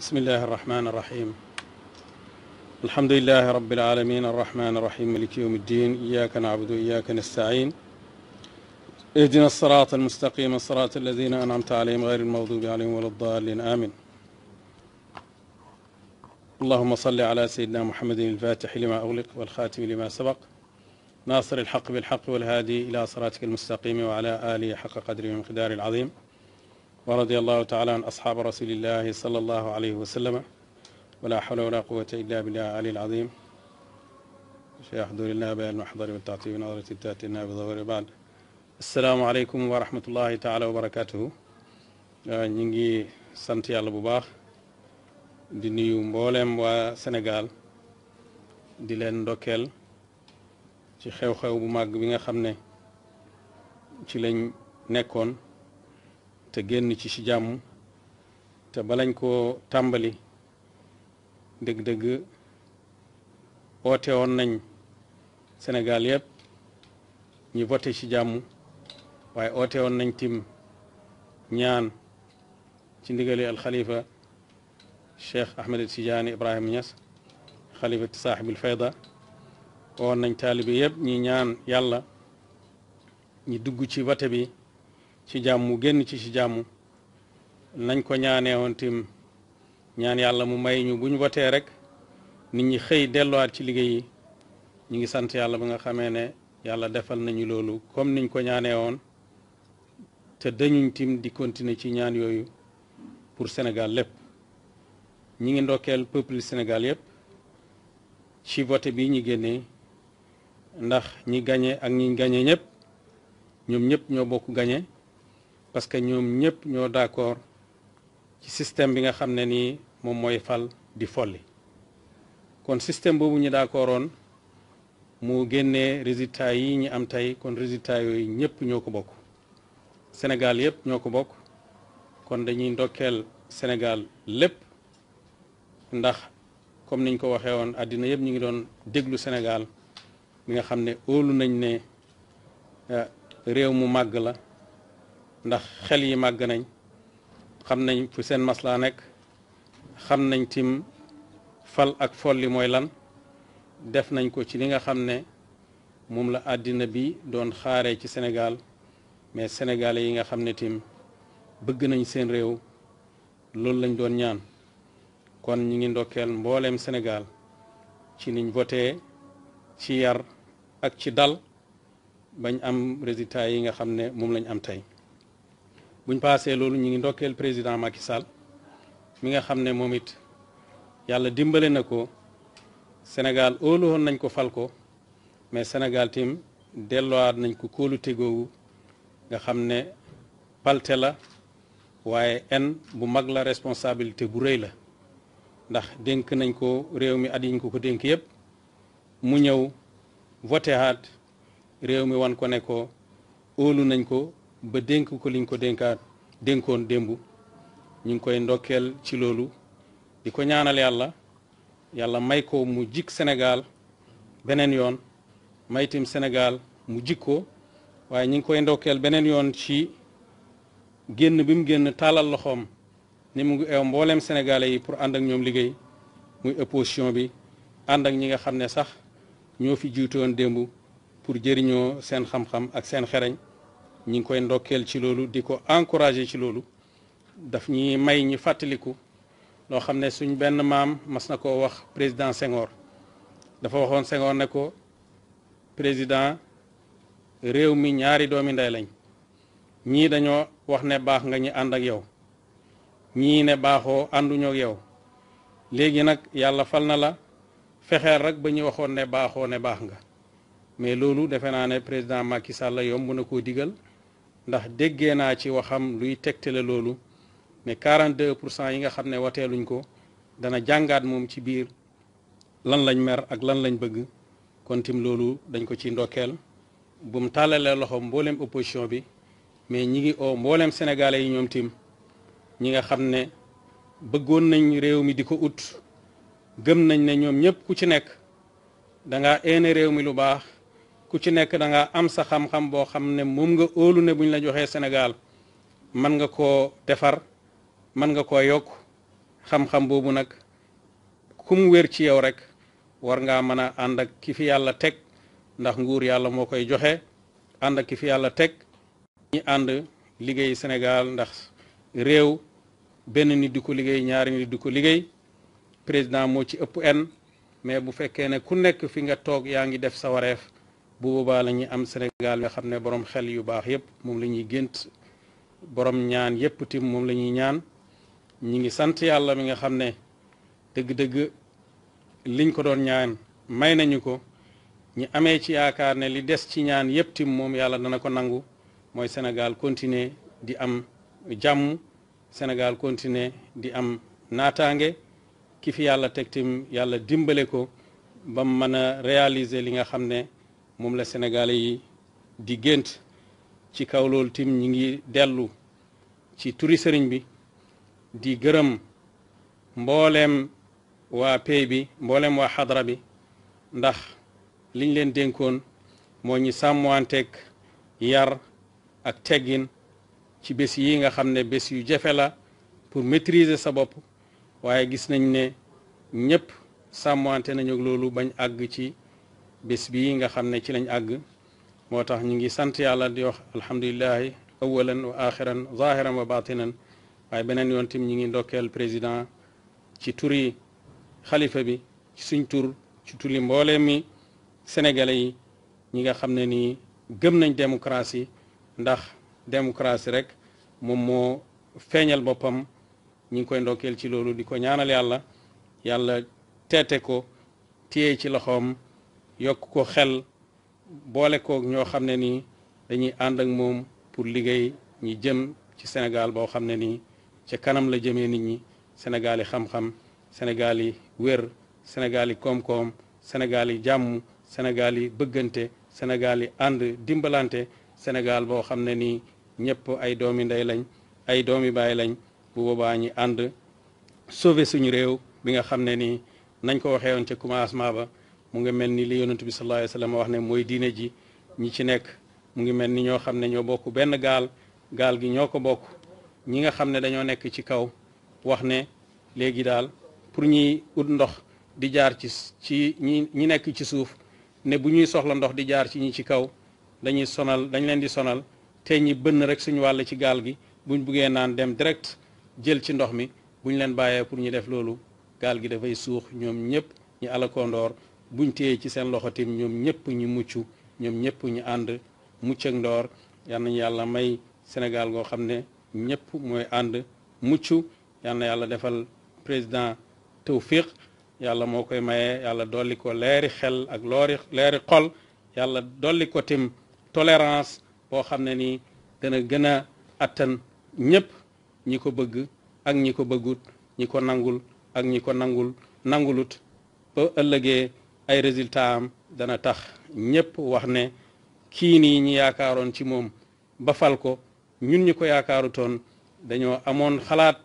بسم الله الرحمن الرحيم الحمد لله رب العالمين الرحمن الرحيم ملك يوم الدين إياك نعبد وإياك نستعين اهدنا الصراط المستقيم الصراط الذين أنعمت عليهم غير المغضوب عليهم ولا الضالين آمين اللهم صل على سيدنا محمد الفاتح لما أغلق والخاتم لما سبق ناصر الحق بالحق والهادي إلى صراطك المستقيم وعلى آله حق قدره ومقداره العظيم ورضي الله تعالى عن أصحاب رسول الله صلى الله عليه وسلم ولا حول ولا قوة إلا بالله العلي العظيم دور الله بيان المحضر والتعطيب نظرة التاتي لنا بظهور السلام عليكم ورحمة الله تعالى وبركاته نجي آه، سنتي sant بباخ bu baax di nuyu mbooleem waa Sénégal di leen ndokkeel ci xew-xew bu màgg bi nga te génn ci ci jàmm te balañ koo tàmbali dëgg-dëgg oote woon nañ senegal yëpp ñu voté ci jàmm waaye oote woon nañ tim ñaan ci ndigali alxalifa Cheikh Ahmed Tidiane Ibrahima Niass xalifa saaxibil fayda woon nañ taalibi yëpp ñi ñaan yàlla ñi dugg ci vote bi ci jàmm génn ci ci jàmm nañ ko ñaaneewoon woon tim ñaan yàlla mu may ñu buñ wotee rek nit ñi xëy delluwaat ci liggéey yi ñu ngi sant yàlla ba nga xamee ne yàlla defal nañu loolu comme niñ ko ñaanee woon te dañuñ tim di continuer ci ñaan yooyu pour Sénégal lépp ñi ngi ndokkeel peuple Sénégal yépp ci vote bi ñu génnee ndax ñi gañe ak ñi gañe ñépp ñoom ñépp ñoo bokk gañe parce que ñoom ñëpp ñoo d'accord ci système bi nga xam ne nii moom mooy fal di folli kon système boobu ñu d'accordoon mu génnee résultat yi ñu am tey kon résultat yooyu ñëpp ñoo ko bokk Sénégal yëpp ñoo ko bokk kon dañuy ndokkeel Sénégal lépp ndax comme niñ ko waxee woon àddina yëpp ñu ngi doon déglu Sénégal bi nga xam ne óolu nañ ne eh, réew mu màgg la ndax xel yi màgg nañ xam nañ fu seen maslaa nekk xam nañ tim fal ak folli mooy lan def nañ ko ci li nga xam ne moom la àddina bi doon xaare ci senegal mais sénégalais yi nga xam ne tim bëgg nañ seen réew loolu lañ doon ñaan kon ñu ngi ndokkeel mbooleem Sénégal ci niñ voté ci yar ak ci dal bañ am résultat yi nga xam ne moom lañ am tey buñ paasee loolu ñu ngi ndokkeel président Macky Sall mi nga xam ne moom it yàlla dimbale na ko Sénégal óolu nañ ko fal ko mais Sénégal tim delluwaat nañ ko kóolu tegoowu nga xam ne palte la waaye en bu mag la responsabilité bu rëy la ndax dénk nañ ko réew mi at yiñ ko ko dénk yépp mu ñëw voté haat réew mi wan ko ne ko óolu nañ ko ba dénk ko liñ ko dénkaat dénkoon démb ñu ngi koy ndokkeel ci loolu di ko ñaanal yàlla yàlla may ko mu jik senegaal beneen yoon maytim Sénégal mu jik ko waaye ñu ngi koy ndokkeel beneen yoon ci génn bi mu génn taalal loxoom ni mu ngi eew mbooleem sénégalais yi pour ànd ak ñoom liggéey muy opposition bi ànd ak ñi nga xam ne sax ñoo fi jiitoon démb pour jëriñoo seen xam-xam ak seen xereñ ñi ngi koy ndokkeel ci loolu di ko encouragé ci loolu daf ñuy may ñi fàttaliku loo xam ne suñ benn maam mas na koo wax président Senghor dafa waxoon Senghor ne ko président réew mi ñaari doomi ndey lañ ñii dañoo wax ne baax nga ñi ànd ak yow ñii ne baaxoo ànduñoo yow léegi nag yàlla fal na la fexeel rek ba ñu waxoon ne baaxoo ne baax nga mais loolu defe naa ne président Macky Sall yomb na koo digal ndax déggee naa ci waxam luy tegtele loolu ne 42 pour cent yi nga xam ne wateeluñ ko dana jàngaat moom ci biir lan lañ mer ak lan lañ bëgg kon tim loolu dañ ko ci ndokkeel bu mu tàllalee loxo mbooleem opposition bi mais ñi ngi oo mbooleem sénégalais yi ñoom tim ñi nga xam ne bëggoon nañ réew mi di ko ut gëm nañ ne ñoom ñëpp ku ci nekk danga eene réew mi lu baax ku ci nekk da nga am sa xam-xam boo xam ne moom nga óolu ne buñ la joxee Sénégal mën nga koo defar mën nga koo yokk xam-xam boobu nag ku mu wér ci yow rek war ngaa mën a ànd ak ki fi yàlla teg ndax nguur yàlla moo koy joxe ànd ak ki fi yàlla teg ñi ànd liggéey Sénégal ndax réew benn nit di ko liggéey ñaari nit di ko liggéey président moo ci ëpp n mais bu fekkee ne ku nekk fi nga toog yaa ngi def sa wareef bu boobaa la ñuy am Sénégal nga xam ne borom xel yu baax yépp moom la ñuy gént borom ñaan yépp tim moom la ñuy ñaan ñi ngi sant yàlla mi nga xam ne dëgg-dëgg liñ ko doon ñaan may nañu ko ñi amee ci yaakaar ne li des ci ñaan yépp tim moom yàlla dana ko nangu mooy Sénégal continuer di am jàmm Sénégal continuer di am naataange ki fi yàlla teg tim yàlla dimbale ko ba mu mën a réaliser li nga xam ne moom la Sénégalais yi di gént ci kaw loolu tim ñi ngi dellu ci turi sëriñ bi di gërëm mbooleem waa pay bi mbooleem waa xadra bi ndax liñ leen dénkoon moo ñu sàmmanteeg yar ak teggin ci bés yi nga xam ne bés yu jafe la pour maîtriser sa bopp waaye gis nañ ne ñëpp sàmmante nañu loolu bañ àgg ci bés bii nga xam ne ci lañ àgg moo tax ñu ngi sant yàlla di wax alhamdulilahi awalan wa axiran zahiran wa batinan waaye beneen yoon tim ñi ngi ndokkeel président ci turi xalifa bi ci suñ tur ci turi mboolee mi sénégalais yi ñi nga xam ne nii gëm nañ démocratie ndax démocratie rek moom moo feeñal boppam ñi ngi koy ndokkeel ci loolu di ko ñaanal yàlla yàlla teete ko téye ci loxoom yokk ko xel boole koog ñoo xam ne nii dañuy ànd ak moom pour liggéey ñi jëm ci Sénégal boo xam ne nii ca kanam la jëmee nit ñi Sénégal yi xam-xam Sénégal yi wér Sénégal yi koom-koom Sénégal yi jàmm Sénégal yi bëggante Sénégal yi ànd dimbalante Sénégal boo xam ne nii ñëpp ay doomi ndey lañ ay doomi baay lañ bu boobaa ñi ànd sauver suñu réew bi nga xam ne nii nañ ko waxee woon ca commencement ba mu ngi mel ni li yonent bi sallallahu alayhi wa sallam wax ne mooy diine ji ñi ci nekk mu ngi mel ni ñoo xam ne ñoo bokk benn gaal gaal gi ñoo ko bokk ñi nga xam ne dañoo nekk ci kaw wax ne léegi daal pour ñuy ut ndox di jaar ci ci ñi ñi nekk ci suuf ne bu ñuy soxla ndox di jaar ci ñi ci kaw dañuy sonal dañ leen di sonal te ñi bënn rek suñu wàll ci gaal gi buñ buggee naan dem direct jël ci ndox mi buñ leen bàyyee pour ñu def loolu gaal gi dafay suux ñoom ñëpp ñi alakondoor buñ téyee ci seen loxo tamit ñoom ñëpp ñu mucc ñoom ñëpp ñu ànd mucc ndoor yal yàlla may Sénégal goo xam ne ñëpp mooy ànd mucc yal yàlla defal président tawfiq yàlla moo koy mayee yàlla dolli ko leeri xel ak loori leeri xol yàlla dolli ko tim tolérance boo xam ne nii dana gën a attan ñëpp ñi ko bëgg ak ñi ko bëggut ñi ko nangul ak ñi ko nangul nangulut ba ëllëgee ay résultat am dana tax ñépp wax ne kii nii ñi yaakaaroon ci moom ba fal ko ñun ñi ko yaakaarutoon dañoo amoon xalaat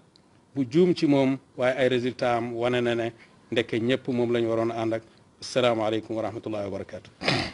bu juum ci moom waaye ay résultat am wane na ne ndekk ñépp moom la ñu waroon ànd ak asalaamaaleykum wa rahmatullahi wa